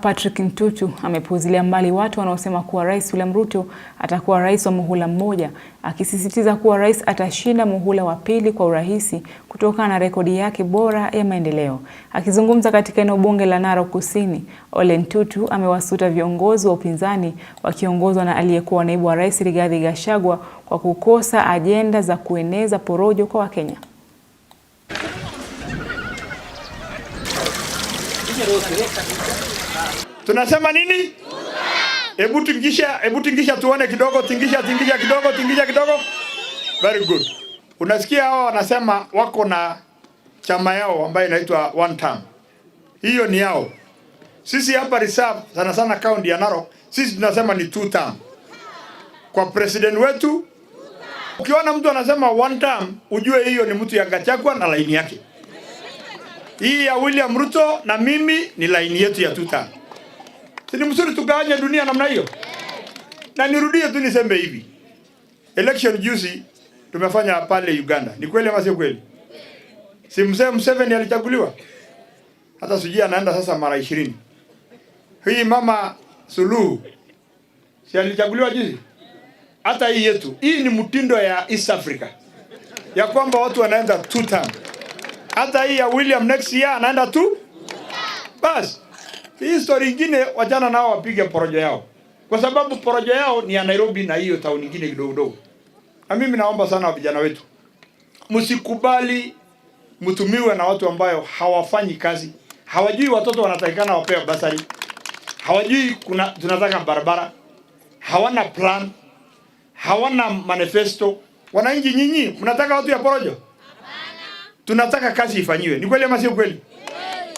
Patrick Ntutu amepuuzilia mbali watu wanaosema kuwa Rais William Ruto atakuwa rais wa muhula mmoja, akisisitiza kuwa rais atashinda muhula wa pili kwa urahisi kutokana na rekodi yake bora ya maendeleo. Akizungumza katika eneo bunge la Narok Kusini, Ole Ntutu amewasuta viongozi wa upinzani wakiongozwa na aliyekuwa naibu wa rais Rigathi Gachagua kwa kukosa ajenda za kueneza porojo kwa Wakenya. tunasema nini? Hebu tingisha, hebu tingisha tuone kidogo, tingisha, tingisha kidogo, tingisha kidogo. Very good. Unasikia hao wanasema wako na chama yao ambayo inaitwa one term. Hiyo ni yao. Sisi hapa reserve sana sana kaunti ya Narok, sisi tunasema ni two term. Kwa president wetu ukiona mtu anasema one term, ujue hiyo ni mtu ya Gachagua na laini yake hii ya William Ruto na mimi ni laini yetu ya tuta. Si ni mzuri tugawanye dunia namna hiyo? Na nirudie tu niseme hivi. Election juzi tumefanya pale Uganda. Ni kweli ama si kweli? Si mzee Museveni alichaguliwa? Hata sijui anaenda sasa mara ishirini. Hii mama Suluhu si alichaguliwa juzi? Hata hii yetu. Hii ni mtindo ya East Africa. Ya kwamba watu wanaenda two term hata hii ya William next year anaenda tu basi. Hii story ingine wajana nao wapige porojo yao, kwa sababu porojo yao ni ya Nairobi na hiyo town nyingine kidogo kidogo. Na mimi naomba sana vijana wetu, msikubali mtumiwe na watu ambayo hawafanyi kazi, hawajui watoto wanatakikana wapewe basari, hawajui kuna tunataka barabara, hawana plan, hawana manifesto. Wananchi nyinyi mnataka watu ya porojo tunataka kazi ifanyiwe. Ni kweli ama sio kweli?